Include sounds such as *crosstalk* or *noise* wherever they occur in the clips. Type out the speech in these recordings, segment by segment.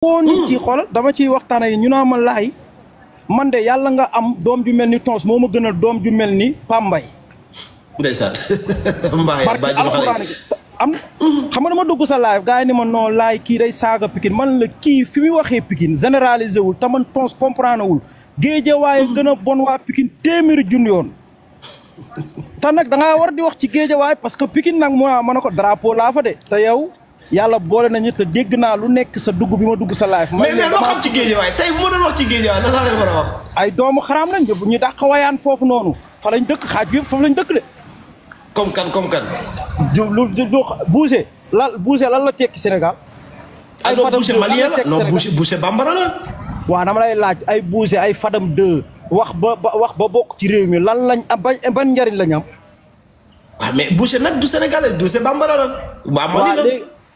koo nit hmm. ci xol dama ciy waxtaan yi ñu naa ma laay man de yàlla nga am doom ju mel ni tons moo ma gën a doom ju mel ni pambay ndeysaan *laughs* mbaay barke hmm. xam nga dama dugg sa live gars yi ni ma non laay kii day saaga Pikine man la kii fi muy waxee pikin généralisé wul te man tons comprendre wul géeje waaye gën a bon waa Pikine téeméeri junni te nag dangaa war di wax ci géeje waaye parce que Pikine nag mu naa ah, ko drapeau laa fa de te yow yàlla boole nañu te dégg naa lu nekk sa dugg bi ma dugg sa live. mais mais loo xam ci géejewaay tey bu ma a wax. ay doomu xaraam bu ñu dàq wayaan foofu noonu fa lañ dëkk xaaj bi yëpp lañ dëkk de. comme kan comme kan. du du lan la tekki Sénégal. Ah, ay Fadam 2 lan la tekki Sénégal non bambara la. waaw dama laaj ay Boucher ay Fadam 2 wax ba wax ba bokk ci réew mi lan lañ ba ban njariñ la am. waaw ah, mais Boucher nag du Sénégalais du Bambara la. waa Mali la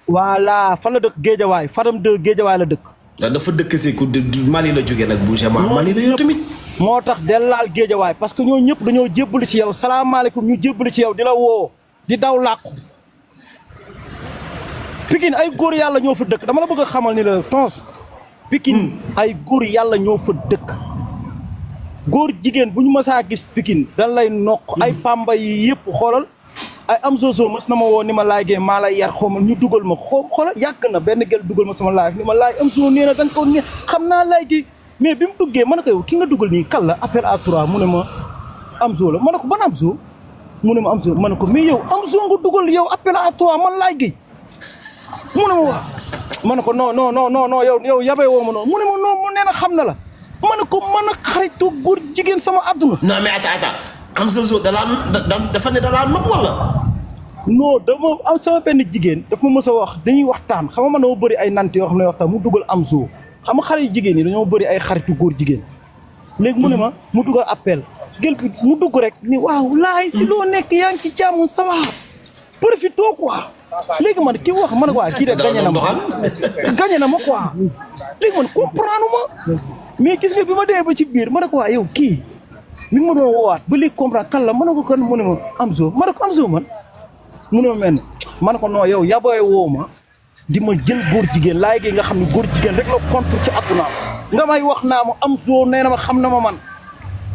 voilà fan la dëkk géejawaay faram de géejawaay la dëkk. dafa dëkk si ku Mali la jógee nag bu ma Mali la yow tamit. moo tax dellaal géejawaay parce que ñoo ñëpp dañoo jébbali ci yow salaamaaleykum ñu jébbali ci yow di la woo di daw làqu. Pikine ay góor yàlla ñoo fa dëkk dama la a xamal ni la tons Pikine hmm. ay góor yàlla ñoo fa dëkk. góor jigéen bu ñu mësaa gis pikin dañ lay noq. ay hmm. pamba yi yëpp xoolal. ay am soosoo mas na ma woo ni ma laay gee maa lay yar xoomal ñu dugal ma xoom xoola yàgg na benn gel dugal ma sama live ni ma laay am soo nee na dañ ko xam naa laay gi mais bi mu duggee ma ko yow ki nga dugal nii kan la appel à trois mu ne ma am soo la ma ne ko ban am soo mu ne ma am soo ma ne ko mais yow am soo nga dugal yow appel à trois man laay gi mu ne ma waa ma ko non non non non yow yow yabee woo ma noo mu ne ma non mu nee na xam na la ma ne ko mën a xaritu góor jigéen sama àdduna non mais am sa zo dalaa dafa ne dalaa nopp wala. non dama am sama benn jigéen dafa ma mës a wax dañuy waxtaan xam ma man dama bari ay nante yoo xam ne waxtaan mu dugal am zo xam nga xale jigéen yi dañoo bari ay xaritu góor jigéen. léegi mu ne ma mu dugal appel. gël bi mu dugg rek ni waaw laay si loo nekk yaa ngi ci jàmm ça va profito quoi léegi man ki wax man waa kii de gagné na ma gagné na ma quoi léegi man comprendre ma mais gis nga bi ma dee ba ci biir man ne ko waa kii. mi mu ma doon woowaat ba léegi comprendre kan la ma ne ko kan mu ne ma Amzo ma ne ko Amzo man mu ma mel ne ko non yow yaa booy woo ma di ma jël góor jigéen laay gi nga xam ne góor jigéen rek la contre ci àdduna nga may wax naa ma Amzo nee na ma xam na ma man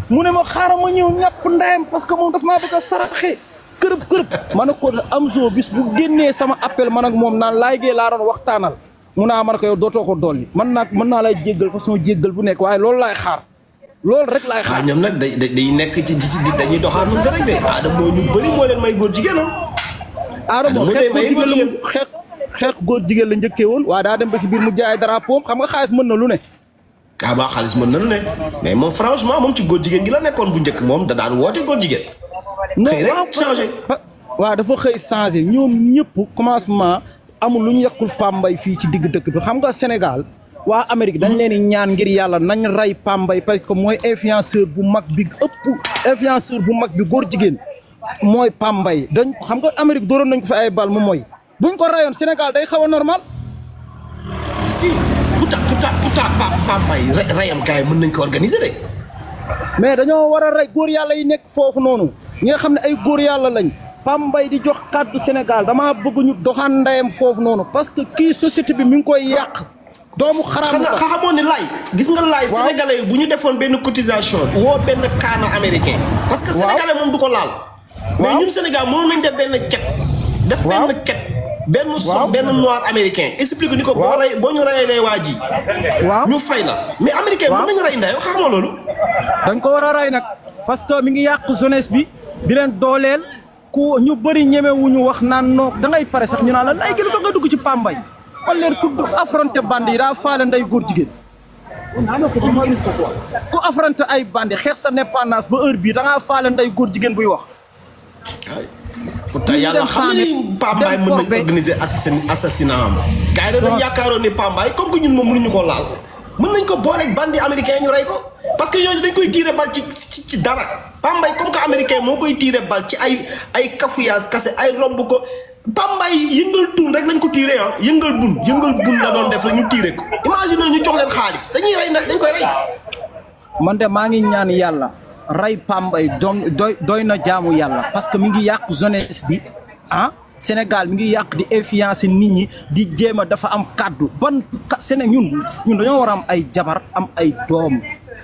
mu ne ma xaaral ma ñëw ñàpp ndayam parce que moom daf maa bëgg a saraxee kërëb kërëb ma ne ko Amzo bis bu génnee sama appel man a moom naan laay gee laa waxtaanal mu naa ah ma ne ko yow dootoo ko dolli man naa mën naa lay jéggal façon jéggal bu nekk waaye loolu laay xaar loolu rek laay xaar ñoom nag day day nekk ci dañuy doxaanu nga rek de aadam moo ñu bëri moo leen may góor jigéen aadama xeex xeex góor jigéen la njëkkee woon waa daa dem ba si biir mu jaay drapeau xam nga xaalis mën na lu ne ah maa xaalis mën na lu ne mais moom franchement moom ci góor jigéen gi la nekkoon bu njëkk moom da daan woote góor jigéen xëy rek changé waa dafa xëy changé ñoom ñëpp commencement amul lu ñu yàqul pambay fii ci digg dëkk bi xam nga Sénégal waa Amérique dañ leen ñaan ngir yàlla nañ rey Pambay parce que mooy influenceur bu mag bi ëpp influenceur bu mag bi góor jigéen mooy Pambay dañ xam nga Amérique dooroon nañ ko fi ay bal mu mooy buñ ko rayoon Sénégal day xaw a normal. si ku tax ku tax rayam kaay mën nañ ko organiser de. mais dañoo war a rey góor yàlla yi nekk foofu noonu ñi nga xam ne ay góor yàlla lañ. Pambay di jox kàddu Sénégal damaa bëgg ñu doxaan ndeyam foofu noonu parce que kii société bi mi ngi koy yàq. doomu xaraam xanaa xamoon ne laay gis nga laay sénégalais yi bu ñu defoon benn cotisation woo benn kaana américain parce que sénégalais moom du ko laal mais ñun Sénégal moom nañ def benn ket def benn ket benn som benn noir américain explique ni ko boo rey boo ñu reyee lay waa ji waaw ñu fay la mais américain mën nañu rey ndey wax xamoo loolu dañ ko war a ray nag parce que mi ngi yàq jeunesse bi di leen dooleel ku ñu bëri ñemewuñu wax naan noo dangay par sax ñu naa la lay gën nga dugg ci pambay jàppaleer ku du affronté bandi yi daa faale nday góor jigéen ku ay bandi xeex sa indépendance ba heure bii da ngaa faale nday góor jigéen buy wax pourtant yàlla xam ne Pambaay mën nañ organiser assassinat am gars yi da dañ yaakaaroon ni Pambaay ñun moom mënuñu ko laal mën nañ ko booleeg bandi américain ñu rey ko parce que ñooñu dañ koy tiire ci ci dara Pambaay comme que américain moo koy tiire bal ci ay ay cafouillage kase ay romb ko Bambay yëngal tun rek nañ ko tiiree ah yëngal bun yëngal bun la doon def rek ñu tiiree ko imagine ñu jox leen xaalis dañuy rey na dañ koy rey. man de maa ngi ñaan yàlla rey Pambay doon doy doy na jaamu yàlla parce que mi ngi yàq jeunesse bi ah Sénégal mi ngi yàq di influence nit ñi di jéem a dafa am kàddu ban Séné ñun ñun dañoo war a am ay jabar am ay doom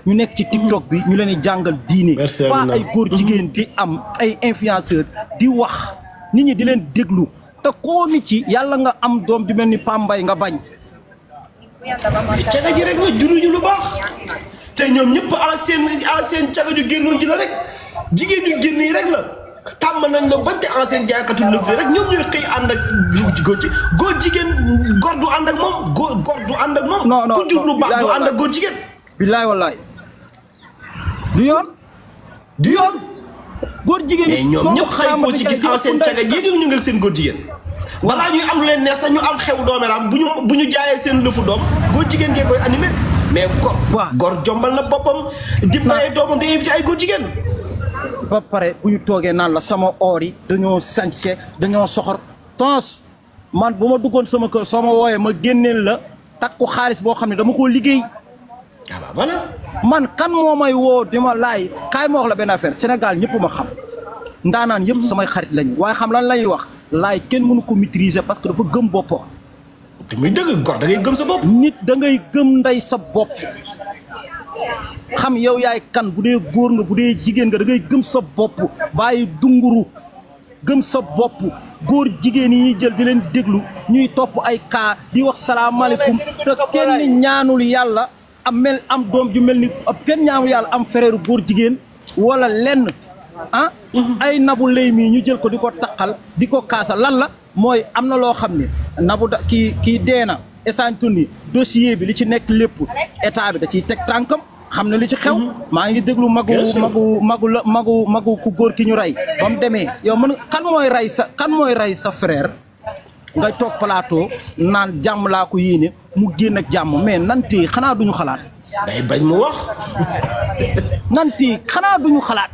ñu nekk ci TikTok bi ñu leen di jàngal diine. pas ay góor jigéen di am ay influenceur di wax. nit ñi di leen déglu te koo ni ci yàlla nga am doom ju mel ni pambay nga bañ caga rek la juruñu lu baax te ñoom ñëpp ancien ancien caga ju génnoon ji la rek jigéen ñu génn yi rek la tàmm nañ la bañ te ancien jaaykatu lëf rek ñoom ñooy xëy ànd ak góor jigéen góor du ànd ak moom góor góor du ànd ak moom non non ku jur lu baax du ànd ak góor jigéen billaay wallaay du yoon du yoon góor jigéen mais ñoom ñëpp xëy koo ci gis en seen caga yéegal ñu ngi ak seen góor jigéen balaa ñuy am leen neex sax ñu am xew doomeraam bu ñu bu ñu jaayee seen lëfu doom góor jigéen ngeen koy animé mais góor gor jombal na boppam dib na ay doomam di invité ay góor jigéen ba pare bu ñu toogee naan la sama oor yi dañoo sañse dañoo soxor tons man bu ma duggoon sama kër soo ma wooyee ma génneel la takku xaalis boo xam ne dama koo liggéey ah man kan moo may woo di ma laay xaay ma wax la benn affaire Sénégal ñëpp ma xam ndaanaan yëpp samay xarit lañ waaye xam lan lañuy wax laay kenn mënu ko maîtriser parce que dafa gëm boppo te muy dëgg gor da gëm sa bopp. nit da ngay gëm ndey sa bopp yow yaay kan bu dee góor nga bu dee jigéen nga da ngay gëm sa bopp bàyyi dunguru gëm sa bopp góor jigéen yi ñuy jël di leen déglu ñuy topp ay kaa di wax salaamaaleykum te kenn ñaanul yàlla. am mel am doom ju mel ni kenn ñaamu yàlla am frère góor jigéen wala lenn ah mm-hmm. ay nabu lay mii ñu jël ko di ko taqal di ko kaasa lan la mooy am na loo xam ne nabu da kii kii dee na essan tunni bi li ci nekk lépp état bi da ciy teg tànkam xam ne li ci xew mm-hmm. maa ngi déglu magu magu magu magu magu ku góor ki ñu rey ba demee yow man kan mooy rey sa kan mooy rey sa frère nga toog plateau naan jàmm laa ko yéene mu génn ak jàmm mais nante xanaa duñu xalaat. day bañ mu wax. nante xanaa duñu xalaat.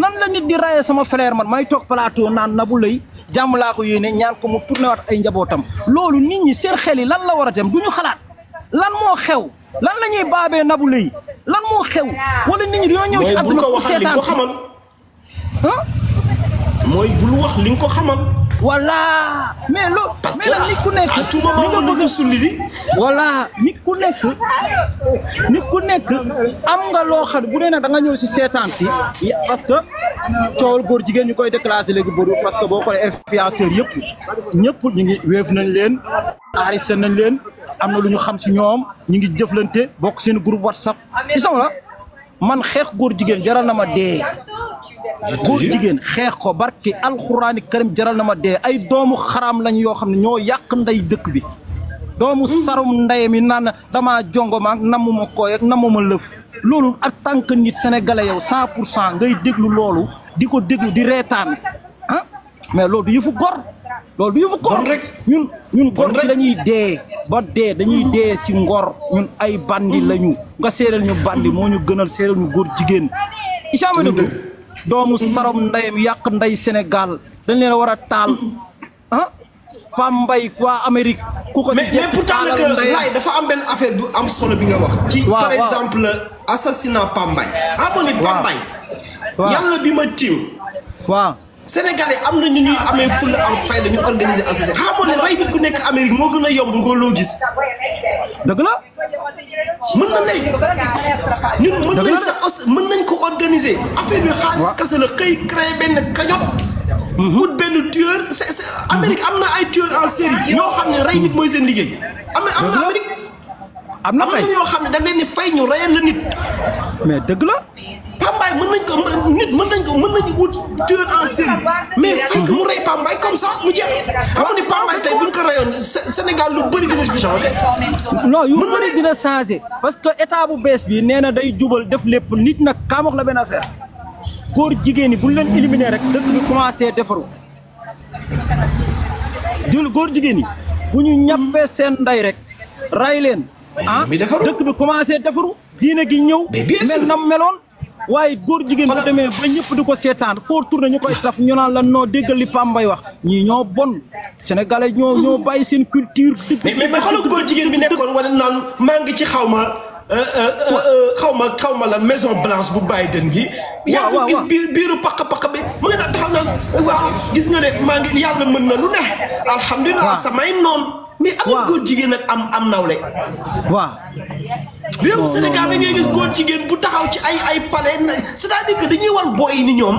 nan la nit di raye sama frère man may toog plateau naan nabu Leye jàmm laa ko yéene ñaan ko mu tourné waat ay njabootam loolu nit ñi seen xel yi lan la war a dem ñu xalaat lan moo xew lan la ñuy baabee Nabou Leye lan moo xew wala nit ñi dañoo ñëw ci àdduna ko seetaan mooy bul wax li nga ko xamal. voilà mais loo parce que nit ku nekk à tout moment mën na ko sulli di. voilà nit ku nekk nit ku nekk am nga loo xam bu dee nag da nga ñëw si seetaan si. parce que coowal góor jigéen ñu koy déclassé léegi bëri parce que boo xoolee influenceurs yëpp ñëpp ñu ngi weef nañ leen. aariste nañ leen am na lu ñu xam si ñoom ñu ngi jëflante bokk seen groupe WhatsApp. ils sont là. man xeex góor jigéen jaral na ma dee. góor jigéen xeex ko barki alxuraani karim jaral na ma dee ay doomu xaram lañ yoo xam ne ñoo yàq ndey dëkk bi. doomu sarum ndey mi naan dama jongo ma ak namu ma kooy ak ma lëf. loolu ak tànk nit sénégalais yow 100 pour cent ngay déglu loolu di ko déglu di reetaan ah mais loolu du yëfu gor. loolu du yëfu góor rek ñun ñun góor ci dañuy dee ba dee dañuy dee ci ngor ñun ay bandi lañu nga séeréel ñu bandi moo ñu gënal séeréel ñu góor jigéen isaama dëgg doomu sarom ndeyam yàq ndey senegaal dañ leen war a taal ah Pambay waa Amérique ku ko mais pourtant nag laay dafa am benn affaire bu am solo bi nga wax ci par exemple assassinat Pambay ah, amoon Pambay yàlla bi ma tiim waaw Sénégalais am na ñu ñuy amee fulla am fayda ñu organiser associé xamoon ne rey nit ku nekk Amérique moo gën a yomb nga loo gis. dëgg la. mën na nekk ñun mën nañ sa mën nañ ko organiser. affaire bi xaalis kese la xëy créer benn cagnotte. wut mhm. benn tueur c'est c'est am na ay tueurs en série ñoo xam ne rey nit mooy seen liggéey. am na am am na am na ñoo xam ne da nga leen di fay ñu reyal la nit. mais dëgg la. waaye mën nañ ko nit mën nañ ko mën nañu wut tueur en série mais fekk mu rey Pape Mbaye comme ça mu jeex xam nga ni Pape Mbaye tey bu ñu ko reyoon Sénégal lu bëri dina fi changé non yu bëri dina changé parce que état bu bees bi nee na day jubal def lépp nit nag kaamax la benn affaire góor jigéen ñi bu ñu leen éliminé rek dëkk bi commencé defaru jël góor jigéen ñi bu ñu ñàppee seen nday rek ray leen ah dëkk bi commencé defaru diine gi ñëw mel nam meloon waaye góor jigéen bu demee ba ñëpp di ko seetaan foo tourné ñu koy taf ñu naan la noo déggal li Pambay wax ñii ñoo bon sénégalais ñoo ñoo bàyyi seen culture. mais mais xoolal góor jigéen bi nekkoon wala naan maa ngi ci xaw ma euh, euh, euh, xaw ma xaw ma lan maison blanche bu Biden gi. waaw yaa ngi gis biir biiru paq paq bi mu ngi naan taxaw naan waaw gis nga ne maa ngi yàlla mën na lu ne. alhamdulilah samay noon mais am góor jigéen ak am am nawle. waaw réew Sénégal da ngay gis góor jigéen bu taxaw ci ay ay palais c'est-à-dire dañuy war booy ni ñoom.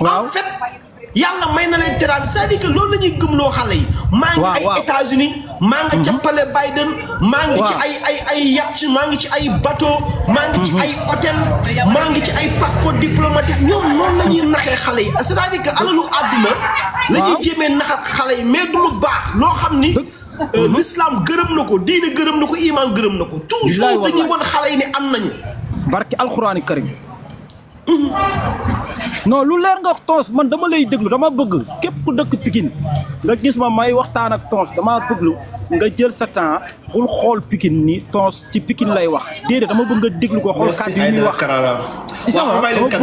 waaw en yàlla may na leen teraanga cest à lool que loolu la ñuy gëmloo xale yi. maa ngi ay États-Unis maa nga ca mhm. palais Biden. maa ngi ci ay ay ay yacht maa ngi ci ay bateau. maa ngi ci mhm. ay hôtel. maa ngi ci ay passeport diplomatique ñoom noonu la ñuy naxee xale yi c'est-à-dire que alalu àdduna. la ñuy jéemee naxat xale yi mais du lu baax loo xam ni. Euh, l'islam gërëm na ko diine gërëm na ko iman gërëm na ko toujours dañuy wan xale yi ni am nañu barki alxuraani karim no lu leer nga tons man dama lay déglu dama bëgg képp ku dëkk pikin nga gis ma may waxtaan ak tons dama bëgg nga jël sa temps bul xool Pikine ni tons ci Pikine lay wax déedéet dama bëgg nga déglu ko xool kàddu yi muy wax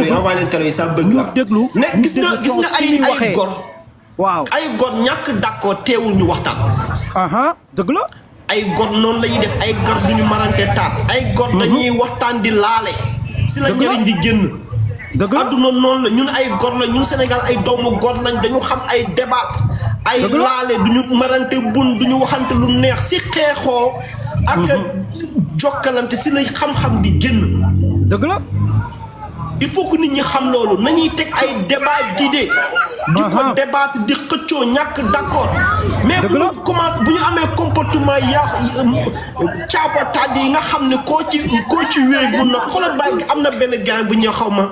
ñu déglu ñu déglu gis nga ay ay gor waaw ay gor ñàkk d'accord teewul ñu waxtaan dëgg la. ay gor noonu lañuy def ay gor duñu marante taat. ay gor mhm. dañuy waxtaan di laale. si la njëriñ di génn. dëgg la adduna noonu la ñun ay gor la ñun senegal ay doomu gor lañ dañu xam ay débat. ay laale duñu marante bun ñu waxante lu neex si xeexoo. ak mhm. jokkalante si la xam-xam di génn. dëgg la. di faut que nit ñi xam loolu nañuy teg ay débat d'idées di ko débattre di xëccoo ñàkk d'accord mais bu ñu bu ñu amee comportement yaa euh, caapataat yi nga xam ne koo ci koo ci wéy mun na xoolal am na benn gars bu ñu xaw ma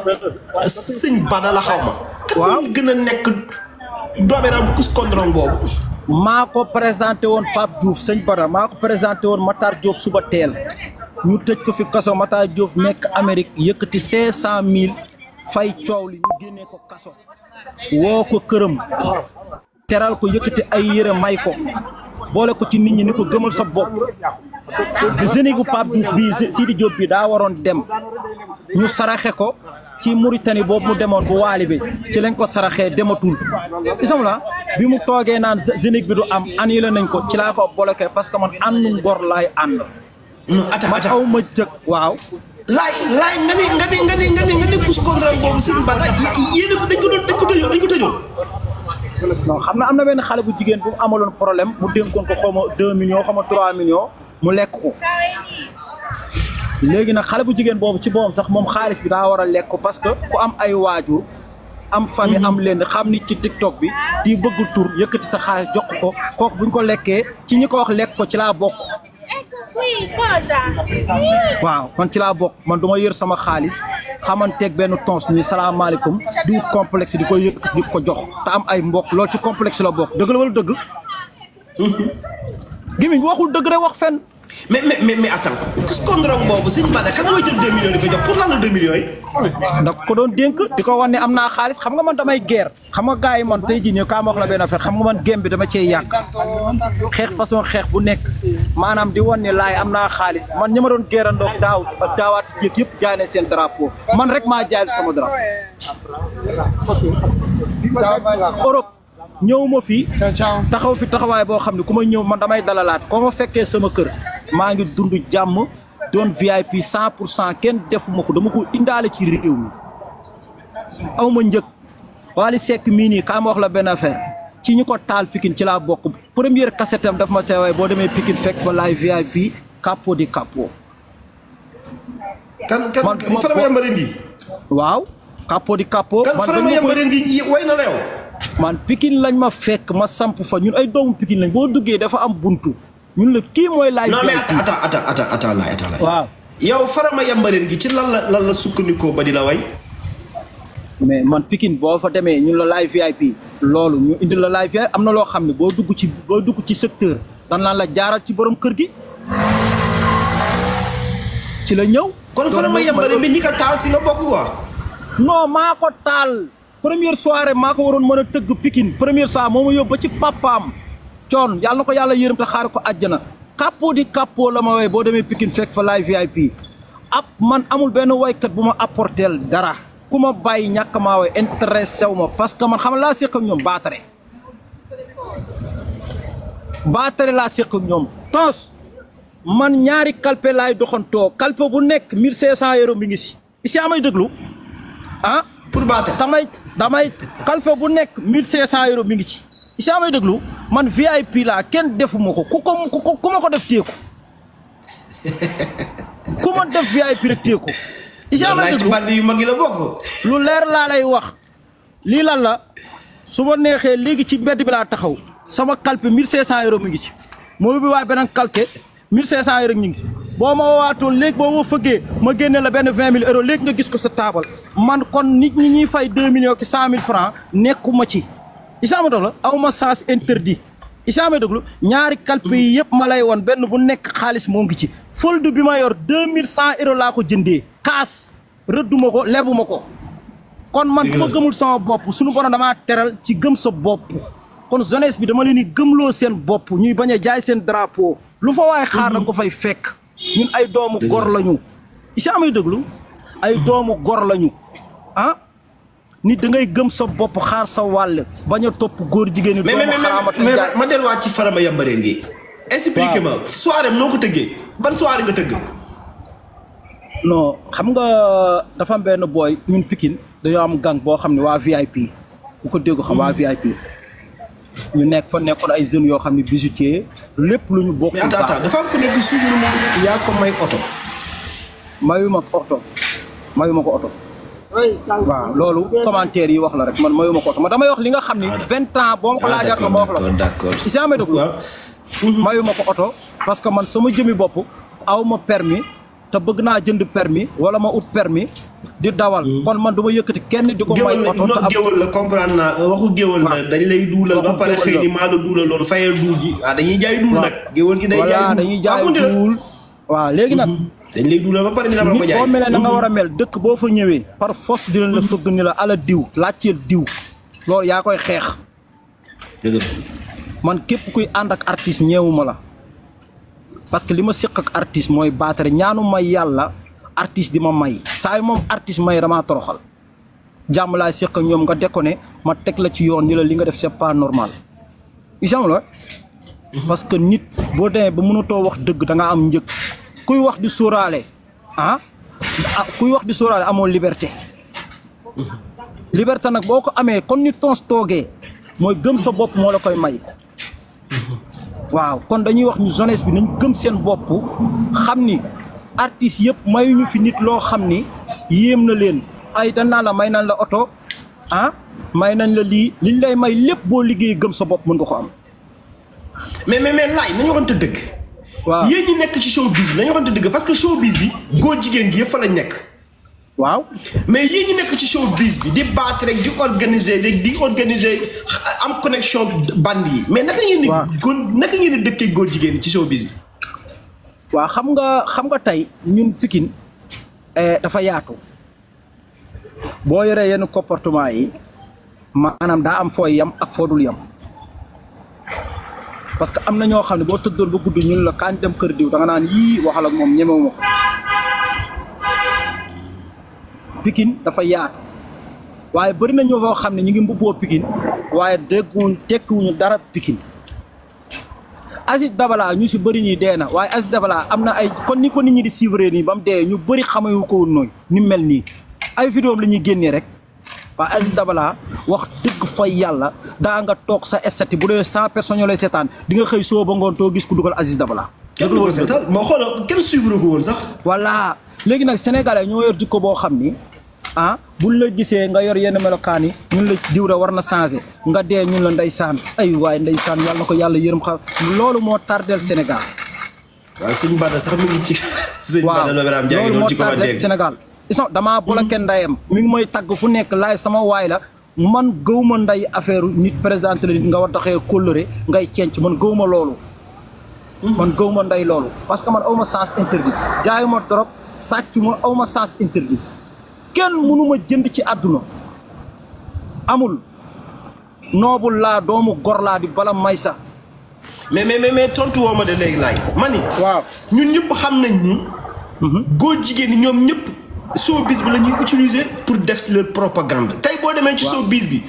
sëñ Bada la xaw ma waaw gën a nekk doomeram kuskondron boobu maa ko présenté woon Pape Diouf sëñ Bada maa ko présenté woon Matar Diop suba teel ñu tëj ko fi kaso mata Diouf nekk Amérique yëkkati cinq cent mille fay coow li ñu génnee ko kaso woo ko këram teral ko yëkkati ay yére may ko boole ko ci nit ñi ni ko gëmal sa bopp bi bu Pape Diouf bii Sidi Diop bi daa waroon dem ñu saraxe ko ci Mauritanie boobu mu demoon bu waali bi ci lañ ko saraxee dematul isam bi mu toogee naan Sénégal bi du am annulé nañ ko ci laa ko bloqué parce que man àndum gor laay non mm, attaque man aw ma jëkk waaw. laay laay nga ne nga ne nga ne nga ne nga ne couche contraire boobu Serigne Bada yéen a dañ ko doon dañ ko tëjoon dañ ko tëjoon. non xam na am na benn xale bu jigéen bu mu amaloon problème mu dénkoon ko xaw ma 2 millions xaw ma 3 millions mu lekk ko. léegi nag xale bu jigéen boobu ci boom sax moom xaalis bi daa war a lekk ko parce que ku am ay waajur. am famille mm-hmm. am leen xam ni ci tiktok bi di bëgg tur yëkkati sa xaalis jox ko kooku bu ñu ko lekkee ci ñi ko wax lekk ko ci laa bokk. waaw man ci laa bokk man duma ma yër sama xaalis xamanteeg benn tons ñuy salaamaaleykum di wut complexe di ko yëg di ko jox te am ay mbokk loolu ci complexe la bokk dëgg la wala dëgg. *laughs* gimiñ waxul dëgg rek wax fenn. mais mais mais attends contrat boobu sëñ Bada kan ko doon dénk di ko wan ne am naa xaalis xam nga man damay guerre xam nga gars yi man tey jii nii kaa ma wax la benn affaire xam nga man gem bi dama cee yàq xeex façon xeex bu nekk maanaam di wan ne laay am naa xaalis man ñi ma doon guerrandoo daaw daawaat jéeg yëpp jaay seen drapeau man rek maa jaayal sama drapeau. Europe. ñëwuma fii taxaw fi taxawaay boo xam ne ku ma ñëw man damay dalalaat koo ma fekkee sama kër maa ngi dund jàmm doon VIP cent pour cent kenn defuma ko dama ko indaale ci réew mi aw ma waa Wally Seck mii nii kaa wax la benn affaire ci ñu ko taal Pikine ci laa bokk première cassette am daf ma teewaay boo demee Pikine fekk fa laay VIP capo di capo kan kan Fadama Yambaréne di waaw capo di capo man way na la yow man pikin lañ ma fekk ma samp fa ñun ay doomu pikin lañ boo duggee dafa am buntu ñun la kii mooy. laaj non mais attends attends attends laay attends waaw yow Farama Yambareen gi ci lan la lan la sukkandikoo ba di la way. mais man pikin boo fa demee ñun la laay VIP loolu ñu indi la laay am na loo xam ne boo dugg ci boo dugg ci secteur dan naan la jaaral ci borom kër gi. ci la ñëw. kon Farama Yambareen bi ñi ko taal si nga bokk quoi. non maa ko taal. première soirée maa ko waroon mën a tëgg pikin première soirée moo ma yóbbu ci papaam coon yàlla ko yàlla yërëm te xaar ko àjjana kàppoo di kàppoo la ma way boo demee pikin fekk fa laay VIP ab man amul benn waykat bu ma apporteel dara ku ma bàyyi ñàkk maa way intéressé ma parce que man xam laa séq ak ñoom baatare baatare laa séq ak ñoom tons man ñaari kalpe laay doxantoo kalpe bu nekk 1500 euros mi ngi si isi amay déglu ah pour baate samay damay xalpe bu nekk 1500 euros mi ngi ci. si amay déglu man ay laa kenn defuma ko ku ko ku ma ko def téeku *laughs* ku ma def ay rek téeku. si amay déglu yu mag yi la bokk. lu leer laa lay wax lii lan la su ma neexee léegi ci mbedd bi laa taxaw sama xalpe 1500 euros mi ngi ci. moom bi waaye beneen calque 1500 euros mi ngi boo ma woowaatoon léegi boo ma fëggee ma génne la benn vingt mille euros léegi nga gis ko sa taabal man kon nit ñi ñuy fay deux millions cent mille francs nekkuma ci. Issa ma déglu aw ma sens interdit Issa ma ñaari calpe yi yëpp ma lay woon benn bu nekk xaalis moo ngi ci fëldu bi ma yor deux mille cent euros laa ko jëndee kaas rëdduma ko lebuma ko. kon man ku gëmul sama bopp sunu borom damaa teral ci gëm sa bopp kon jeunesse bi dama leen di gëmloo seen bopp ñuy bañ a jaay seen drapeau lu fa waaye xaar da ko fay fekk ñun ay doomu gor lañu. isa amee déglu ay hmm. doomu gor lañu ah nit dangay gëm sa bopp xaar sa wàll bañ a topp góor jigéen ñi. doomu xaraamati mais mais ma delluwaat ci Faraba gi. expliqué ma soirée noo ko tëggee ban soirée nga tëgg. non xam nga dafa am benn booy ñun pikin dañoo am gang boo xam ne waa VIP bu ko dégg xam hmm. waa VIP. ñu nekk fa nekkoon ay jeunes yoo xam ne bijoutier lépp lu ñu bokk. mais attends dafa am ku ko oto. mayu ma ko oto. waaw loolu commentaire yi wax la rek man mayuma ko oto man damay wax li nga xam ni. Ah, vingt ans boo ma ko laajaat ma ko. Ah, mayuma ko oto parce que man sama jëmi bopp aw ma permis te bëgg naa jënd permis wala ma ut permis di dawal hmm. kon man du ma yëkkati kenn di ko may oto te ab géwël la comprendre naa euh, waxu géwël la dañ lay duulal ba pare xëy ni maa la duulaloon fay duul ji waaw dañuy jaay duul nag géwël dañuy jaay waaw léegi nag dañ lay duulal ba pare dina la ko boo melee na nga mhm. war mel dëkk boo fa ñëwee par force dinañ la fëgg mhm. ni la ala diw laajteel diw loolu yaa koy xeex man képp kuy ànd ak artiste ñeewuma la parce que li ma séq ak artiste mooy baatare ñaanu ma yàlla artiste di ma may saa yu moom artiste may damaa toroxal jàmm laa séq ñoom nga déconné ma teg la ci yoon ni la li nga def c'est pas normal isam la parce que nit boo demee ba mënatoo wax dëgg da nga am njëg kuy wax di sóoraale ah, ah kuy wax di sóoraale amoon liberté liberté nag boo ko amee kon nit tons toogee mooy gëm sa bopp moo la koy may waaw kon dañuy wax ñu jeunesse bi nañ gëm seen bopp xam ni artistes yëpp mayuñu fi nit loo xam ni yéem na leen ay dañ naa la may nañ la oto ah may nañ la lii liñ lay may lépp boo liggéey gëm sa bopp mën nga ko am. mais mais mais laay nañu waxante dëgg. waaw yéen ñu nekk ci showbiz bi nañu waxante dëgg parce que showbiz bi góor jigéen gi yëpp fa lañ nekk. waaw mais yéen ñu nekk ci bis bi di baat rek di organiser rek di organiser am connexion band yi. mais naka ngeen di. waaw naka ngeen di dëkkee góor jigéen ci showbiz bi. waa xam nga xam nga tey ñun Pikine eh, dafa yaatu boo yoree yenn comportement yi maanaam daa am fooy yam ak foodul yam parce que am na ñoo xam ne boo tëddoon ba gudd ñun la kañ dem kër diw da naan yii waxal ak moom ñemewuma ko Pikine dafa yaatu waaye bëri na ñoo xam ne ñu ngi mbubboo Pikine waaye dégguwuñ tekkiwuñu dara pikin Aziz Dabala ñu si bari ñi dee na waaye Aziz Dabala am na ay kon ni ko nit ñi di suivre nii ba mu dee ñu bëri xamuñu ko woon nooy ni mel nii ay vidéo la ñuy génnee rek waaye Aziz Dabala wax dëkk fay yàlla daa nga toog sa estati bu dee cent personnes ñoo lay seetaan di nga xëy soo ba ngoon too gis ku dugal Aziz Dabala. kenn du ko moo xoolal kenn suivre woon sax. voilà léegi nag sénégalais ñoo yor jikko boo xam ni. ah buñ la gisee nga yor yenn melokaan yi ñun la jiw da war na changé nga dee ñun la ndeysaan ay waaye ndeysaan yàlla na ko yàlla yërëm xam loolu moo tardel Sénégal. waaw sëñ Bada sax mi ngi ci. *laughs* sëñ Bada Loberaam Ndiaye noonu ci Sénégal. isan damaa bloqué mm-hmm. ndayam mi ngi may tagg fu nekk laay sama waay la man gëwma nday affaire nit présenté la nit nga war taxee coloré ngay cenc man gëwma loolu. Mm-hmm. man gëwma ndey loolu. parce que man awma sens interdit jaayuma trop sàcc ma awma sens interdit. kenn mënuma jënd ci àdduna amul noobu laa doomu gor laa di bala may sa mais mais mais tontu woo ma de léegi laaj ma ni waaw ñun ñëpp xam nañ ni. Mhm. góor jigéen ñi ñoom ñëpp showbiz bi lañuy ñuy utiliser pour def si leur propagande. tey boo demee ci showbiz bi.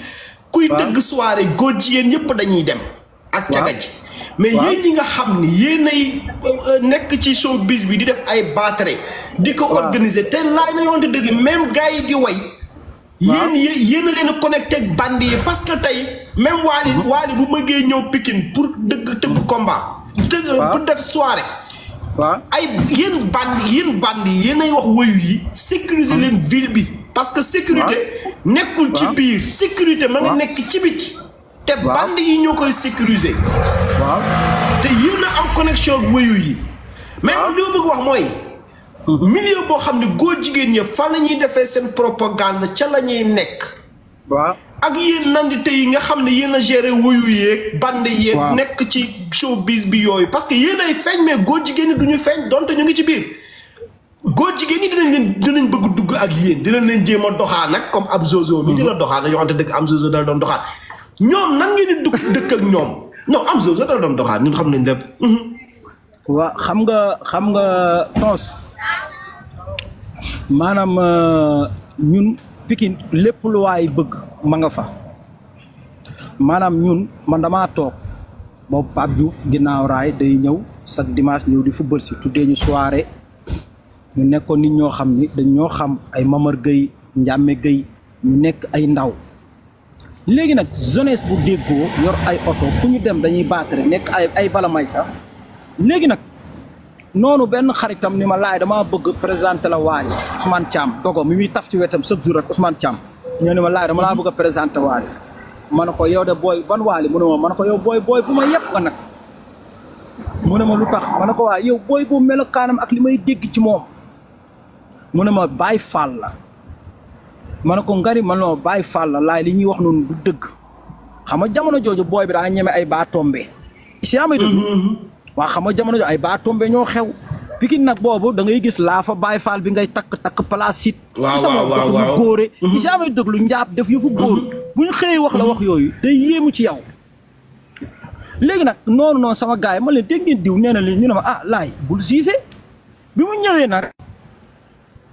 kuy dëgg soirée góor jigéen ñëpp dañuy dem. ak caga mais yéen ñi nga xam ni yéenay euh, nekk ci bis bi di def ay batterie di ko organiser te laaj nañu wante dëgg même gars yi di way yéen yéen a leen connecté ak bandi yi parce que tey même waali mm-hmm. waali bu mëggee ñëw pikin pour dëgg tëb combat dëgg pour def soirée waaw ay yéen band yéen band yi yéen ay wax woyu yi sécuriser mm-hmm. leen ville bi parce que sécurité nekkul ci biir sécurité ma nga nekk ci biti te band yi ñoo koy sécuriser. waaw te yéen am connexion ak wéyu yi. même li ma bëgg wax mooy. Hmm. milieu boo xam ne góor jigéen ñi fan la ñuy defee seen propagande ca la ñuy nekk. waaw ak yéen nandite yi nga xam ne yéen a géré wuyu yeeg. band yeeg nekk ci showbiz bi yooyu. parce que yéen ay feeñ mais góor jigéen ñi du ñu feeñ donte ñu ngi ci biir góor jigéen ñi dinañ leen dinañ bëgg dugg ak yéen dinañ leen jéem a doxaan nag comme am zozo mi hmm. dina doxaan dañoo xamante dëgg am zozo dal doon doxaan. ñoom nan ngeen di dugg dëkk ak ñoom non am zo da doon doxaat ñun xam nañ lépp. Mhm. waaw xam nga xam nga tons maanaam euh, ñun pikin lépp lu waay bëgg ma nga fa maanaam ñun man damaa toog boobu Pape Diouf ginnaaw raay day ñëw chaque dimanche ñëw di football si tuddee ñu soirée ñu nekkoon nit ñoo xam ni dañ ñoo xam ay Mamar Gueye Ndiame Gueye ñu nekk ay ndaw léegi nag jeunesse bu déggoo yor ay oto fu ñu dem dañuy baatare nekk ay ay bala may sax léegi nag noonu benn xaritam ni ma laay damaa bëgg présenté la waali Ousmane Thiam dogo mi muy taf ci wetam chaque jour ak Ousmane Thiam ñoo ni ma laay dama mhm. bëgg a présenté waali ma ne ko yow de booy ban waali mu ne ma ma ne ko yow booy booy bu ma yëpp nga nag mu ne ma lu tax ma ne ko waa yow booy bu melokaanam ak li may dégg ci moom mu ne ma baay faal la ma ne ko ngari ma noo bàyyi fàll laay li ñuy wax noonu du dëgg xam nga jamono jooju booy bi daa ñeme ay baa tombe si amay dëgg waa xam nga jamono jooju ay baa tombe xew Pikine nag boobu da gis laa bàyyi faal bi ngay takk takk placide waaw waaw waaw sama lu dëgg lu njaab def yëfu mm-hmm. góor bu ñu xëyee wax la wax mm-hmm. yooyu day yéemu ci yow léegi nag noonu noonu sama gars yi ma leen dégg ngeen diw nee na ñu ne ma ah laay bul siise bi mu ñëwee nag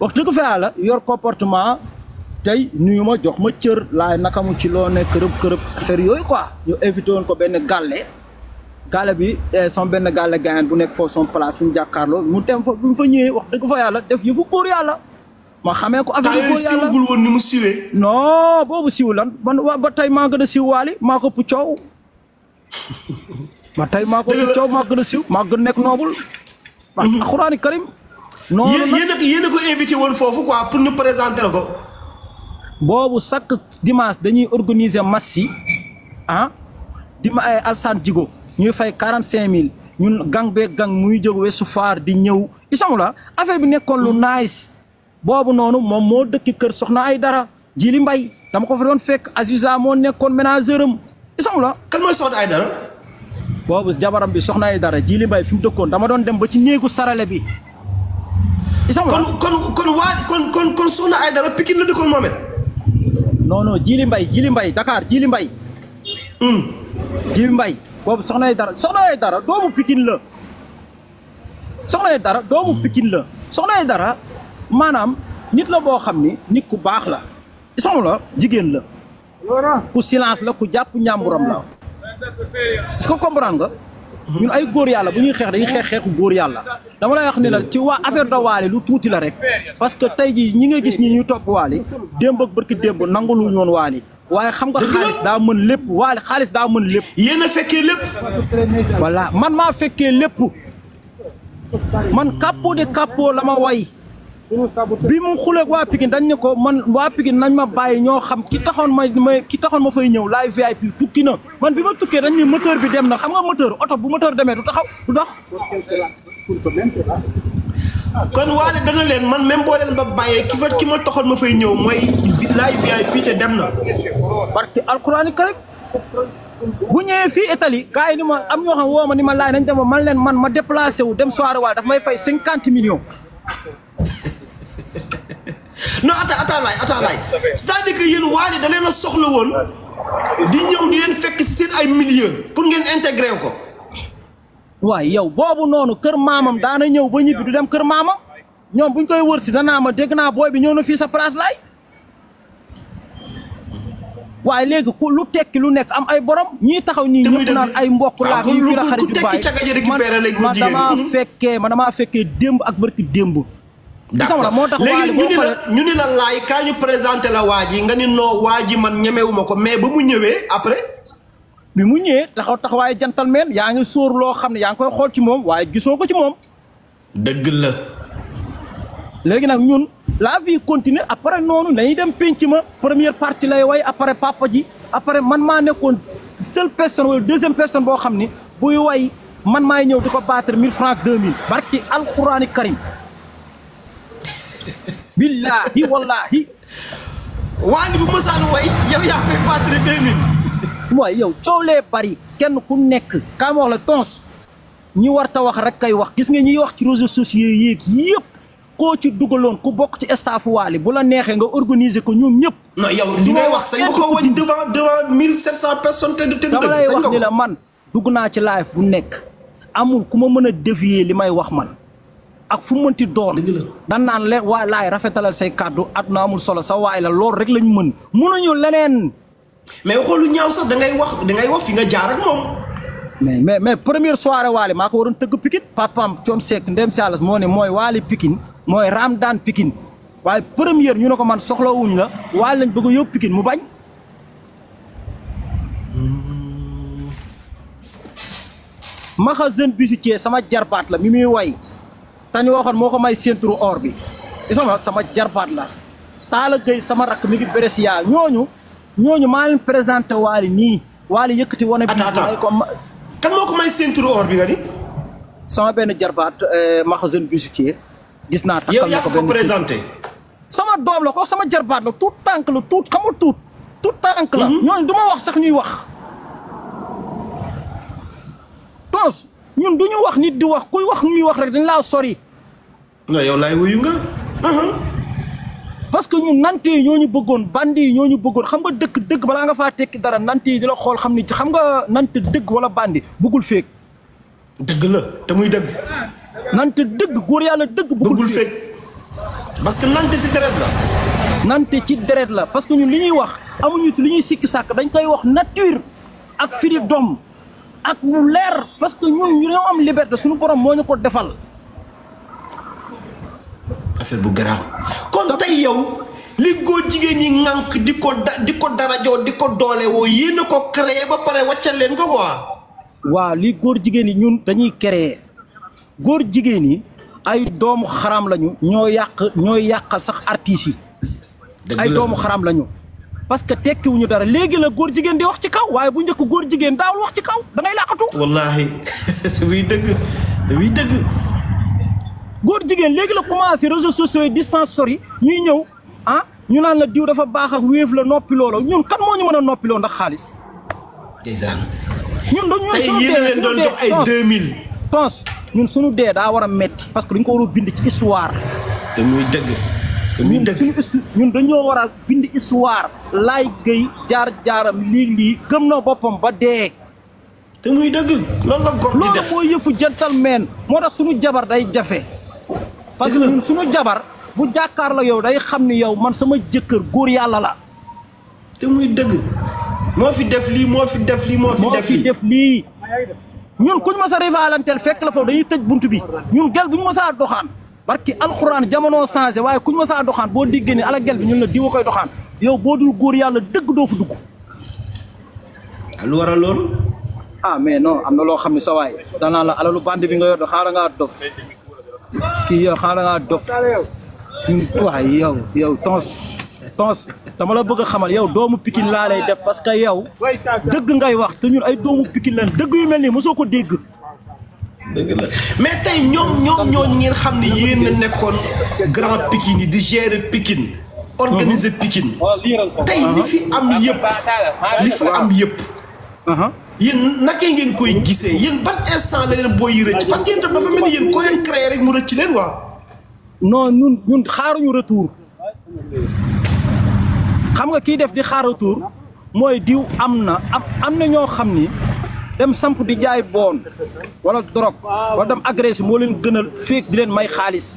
wax dëgg fa la yor comportement tey nuyu ma jox ma cër laay naka mu ci loo nekk kërëb kërëb affaire yooyu quoi ñu invité woon ko benn gàlle gale bi eh, sama benn gàlle gayan bu nekk foofu son place suñu mu dem fa bu ñu fa ñëwee wax dëgg fa yàlla def yëfu góor yàlla ma xamee ko affaire góor woon ni mu siwee non boobu siw lan man waa ba tey maa gën a siw waali maa ko pu coow ba tey maa ko pu coow maa gën a siw maa gën nekk noobul alxuraani karim non yéen a ko invité woon foofu quoi pour ñu présenter ko boobu chaque dimanche dañuy organiser match yi ah dima ay alsaan jigo ñuy fay quarante cinq mille ñun gang beeg gang muy jóg wesu faar di ñëw isamu la affaire bi nekkoon lu nice boobu noonu moom moo dëkk kër soxna ay dara jili mbay dama ko fa doon fekk Aziza moo nekkoon ménageur am isamu la kan mooy soxna ay dara boobu jabaram bi soxna ay dara jili mbay fi mu dëkkoon dama doon dem ba ci néegu sarale bi isamu la kon kon kon waa kon kon ay dara Pikine la dëkkoon Mohamed non non Jili Mbay Jili Mbay Dakar Jili Mbay. Jili Mbay boobu soxna dara soxna dara doomu Pikine la. soxna dara doomu Pikine la soxna dara maanaam nit la boo xam ni nit ku baax la soxna jigéen la. ku silence la ku jàpp njàmburam la. est-ce que ñun ay góor yàlla bu ñuy xeex dañuy xeex xeexu góor yàlla dama lay wax ne la ci waa affaire da waali lu tuuti la rek parce que tey jii ñi nga gis ñi ñu topp waali démb ak barki démb nangu lu ñoon waali waaye xam nga xaalis daa mën lépp waali xaalis daa mën lépp yéen a fekkee lépp voilà man maa fekkee lépp man kàppoo de kàppoo la ma way bi mu xuleeg waa Pikine dañ ne ko man waa Pikine nañ ma bàyyi ñoo xam ki taxoon ma may ki taxoon ma fay ñëw laay VIP tukki na man bi ma tukkee dañ ne moteur bi dem na xam nga moteur oto bu moteur demee du taxaw du dox. kon waale dana leen man même boo ba bàyyee ki fa ki ma toxoon ma fay ñëw mooy laay VIP te dem na. parce que alxuraan karim bu ñëwee fii Italie gars yi ni ma am ñoo xam woo ma ni ma laaj nañ dem man leen man ma déplacé wu dem soir waale daf may fay cinquante millions. non attends attends laay attends laay c'est-à-dire da leen a soxla woon di ñëw di leen fekk ci seen ay milieu pour ngeen intégré ko. waaye yow boobu noonu kër maamam daana ñëw ba ñibbi du dem kër maamam ñoom buñ koy wër si danaa ma dégg naa booy bi ñëw na fii sa place laay waaye léegi ku lu tekki lu nekk am ay borom ñii taxaw ñii ñëpp naan ay mbokk laa ñii fii la xarit ju bàyyi man damaa fekkee man damaa fekkee démb ak bërki démb moo tax léegi ñu ni la ñu ni la laay kaa ñu la waa ji nga ni noo waa ji man ñemewuma ko mais ba mu ñëwee après bi mu ñëwee taxaw taxawaayu gentleman yaa ngi sóor loo ne yaa ngi koy xool ci moom waaye gisoo ko ci moom dëgg la léegi nag ñun laa vie continue après noonu dañuy dem pénc ma première partie lay way après papa ji après man maa nekkoon seule personne wala deuxième personne boo xam ne buy way man maay ñëw di ko battre mille francs deux mille barki alxuraani karim billaahi wallaahi. waandi bu mosaan woy yow yaa koy battre deux minutes. waaye yow coow lee bari kenn ku nekk. xam la tons ñi war ta wax rek kay wax gis nga ñiy wax ci réseaux sociaux yéeg yëpp. koo ci dugaloon ku bokk ci staff bu la neexee nga organiser ko ñoom ñëpp. yow li ngay wax sañ ko mille sept cent personnes te te dama lay wax ni la man dugg naa ci live bu nekk amul ku ma mën a dévier li may wax man. ak fu mu mënti doon dan naan le waa laay rafetalal say kàddu àdduna amul solo sa waay la loolu rek lañ mën mënuñu leneen mais waxoo lu ñaaw sax da ngay wax da ngay wax fi nga jaar moom mais mais mais première soirée waali maa ko war a tëgg Pikine papam coon seek ndem si àllas moo ne mooy waale pikin mooy raam daan pikin waaye première ñu ne ko man soxlawuñ la waali lañ ba a yóbbu Pikine mu bañ magasin bi si sama jarbaat la mi muy way tañu waxoon moo ko may ceinture or bi isoma sama jarbaat la Talla Gueye sama rakk mi ngi Brescia ñooñu ñooñu maa leen présenté waali nii waali yëkkati wane bi ko kan moo ko may ceinture or bi nga sama benn jarbaat euh, magasin bijoutier gis naa takkal na ko benn présenté sama doom la ko sama jarbaat la tuut tànk la tuut xamul tuut tuut tànk la mhm. ñooñu du ma wax sax ñuy wax tos ñun du ñu wax nit di wax kuy wax ñuy wax rek dañ laa sori. nga yow laay wuyu nga. Uh-huh. parce que ñun nante yi ñoo ñu bëggoon bandi yi ñoo ñu bëggoon xam nga dëkk dëgg balaa nga faa tekki dara nante yi di la xool xam ni ci xam nga nante dëgg wala bandi bëggul feek dëgg la te muy dëgg. nante dëgg góor yàlla dëgg. bëggul feeg parce que nante si deret la. nante ci deret la parce que ñun li ñuy wax amuñu si li ñuy sikki sàkk dañ koy wax nature ak firi doom. ak lu leer parce que ñun ñu ñoo am liberté suñu borom moo ñu ko defal. affaire bu garaaw kon tey yow li góor jigéen ñi ŋànk di ko da di ko darajoo di ko doole woo yéen ko créé ba pare wàccal leen ko quoi. waaw li góor jigéen yi ñun dañuy créer góor jigéen yi ay doomu xaram lañu ñoo yàq ñoo yàqal sax artis yi ay doomu xaraam lañu parce que tekkiwuñu dara léegi la góor jigéen di wax ci kaw waaye bu njëkk góor jigéen daawul wax ci kaw da ngay làqatu. wallaahi *laughs* dafay dëgg dafay dëgg. góor jigéen léegi la commencé réseaux sociaux yi distance sori ñuy ñëw ah ñu naan la diw dafa baax ak wéef la noppiloo loolo ñun kan moo ñu mën a noppiloo ndax xaalis. ndeysaan. ñun dañu ñoo tey yéen leen doon jox ay ñun suñu dee daa war a metti parce que dañu ko war a bind ci histoire. te muy dëgg. ñun ñun dañoo war a bind histoire. Laye Gueye jaar jaaram lii lii gëm na boppam ba dee. te muy dëgg loolu la góor di def loolu mooy moo tax suñu jabar day jafe. parce que ñun jabar bu jàkkaar la yow day xam ni yow man sama jëkkër góor yàlla la. te muy dëgg moo fi def lii moo fi def lii moo fi. def lii def lii. ñun ma sa rivalanteel fekk la foofu dañuy tëj bunt bi ñun gel bu ñu ma saa doxaan. barki alxuraan jamono changé waaye kuñ ma saa doxaan boo déggee ni ala gel bi ñun la diwa koy doxaan yow boo dul góor yàlla dëgg doo fa dugg. Ah, lu a loolu. ah mais non am na loo xam ne sa waay danaa la alalu bande bi nga yor de xaaral ngaa dof kii yow xaaral ngaa dof waay yow yow tons tons dama la bëgg xamal yow doomu pikin laa lay def parce que yow dëgg ngay wax te ñun ay doomu pikin lañ dëgg yu mel nii mosoo ko dégg. dëgg la mais tey ñoom ñoom ñu ngeen xam ne yéen a nekkoon grand Pikine yi di gérer Pikine. organiser mhm. Pikine. tey li fi am yëpp li fi am yëpp. Uh-huh. yéen naka ngeen koy gisee yéen ban instant la leen booy yi parce que yéen tam dafa mel ni yéen koo leen créé rek mu rëcc ci leen waa non ñun ñun xaaruñu retour. xam nga kii def di xaar retour mooy diw am na am na ñoo xam ni. dem samp di jaay boon wala drogue wala dem agressé moo leen gënal féeg di leen may xaalis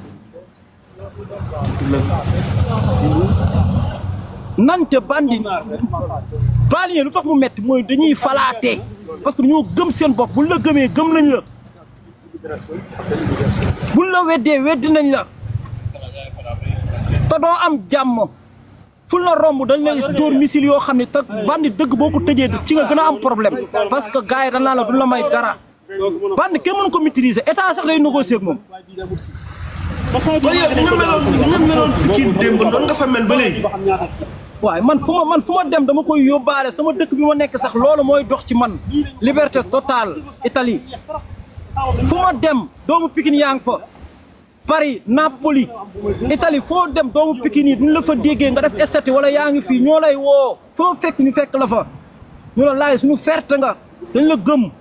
nante bandi banlieue lu tax mu metti mooy dañuy falaate parce que ñoo gëm seen bopp buñ la gëmee gëm nañ la buñ la weddee weddi nañ la te doo am jàmm ful na romb dañ lay dóor missile yoo xam ne te bandi dëgg boo ko tëjee ci nga gën a am problème parce que gars yi dañ naan la du la may dara bandi kenn mënu ko maîtriser état sax lay négocier ak moom. kon yow ni nga meloon ni nga meloon kii démb noonu nga fa mel ba léegi. waaye man fu ma man fu dem dama koy yóbbaale sama dëkk bi ma nekk sax loolu mooy dox ci man liberté totale Italie fu ma dem doomu Pikine yaa ngi fa. Paris Napoli Italie foo dem doomu Pikine yi duñ la fa déggee nga def estati wala yaa ngi fii ñoo lay woo foo fekk ñu fekk la fa ñu la laaj suñu ferte nga dañ la gëm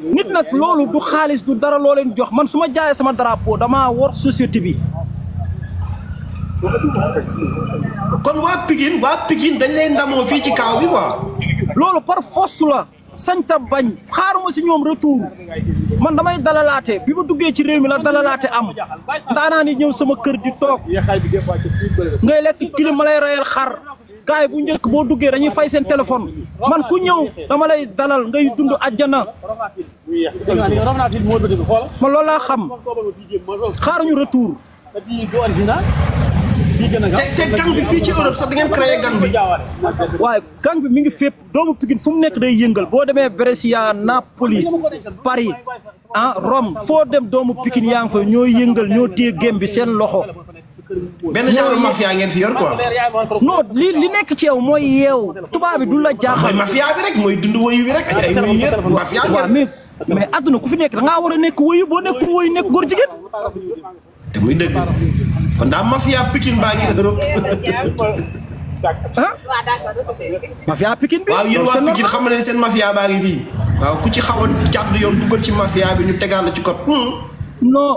nit nag loolu du xaalis du dara loo leen jox man su ma jaayee sama drapeau damaa war société bi kon waa Pikine waa Pikine dañ lay ndamoo fii ci kaw bi quoi loolu par force sañ ta bañ xaaruma si ñoom retour man damay dalalaate bi ma duggee ci réew mi la dalalaate am ndaanaa ni ñëw sama kër di toog ngay lekk kilim ma lay rayal xar gaay bu njëkk boo duggee dañuy fay seen téléphone man ku ñëw dama lay dalal ngay dund àjjana man loolu laa xam xaaruñu retour te gang bi fii ci Europe sax da a créé gang bi. waaye gang bi mi ngi fépp doomu Pikine fu mu nekk day yëngal boo demee Brescia Napoli Paris ah Rome foo dem doomu Pikine yaa ngi fa ñoo yëngal ñoo téye gém bi seen loxo. benn genre mafia ngeen fi yor quoi. non li li nekk ci yow mooy yeew tubaab bi du la jaaxal. mooy bi rek mooy dund woyu bi rek. ay mafia mais mais àdduna ku fi nekk da war a nekk woyu boo nekkul woyu nekk góor jigéen. te muy dëgg kon daa mafia Pikine baa ngi Europe. ah. *laughs* mafia Pikine bi. waaw yéen waa Pikine xam ne seen mafia baa ngi fii. waaw ku ci xaw a jàdd yoon duggal ci mafia bi ñu tegaat la ci kot. Hmm. non.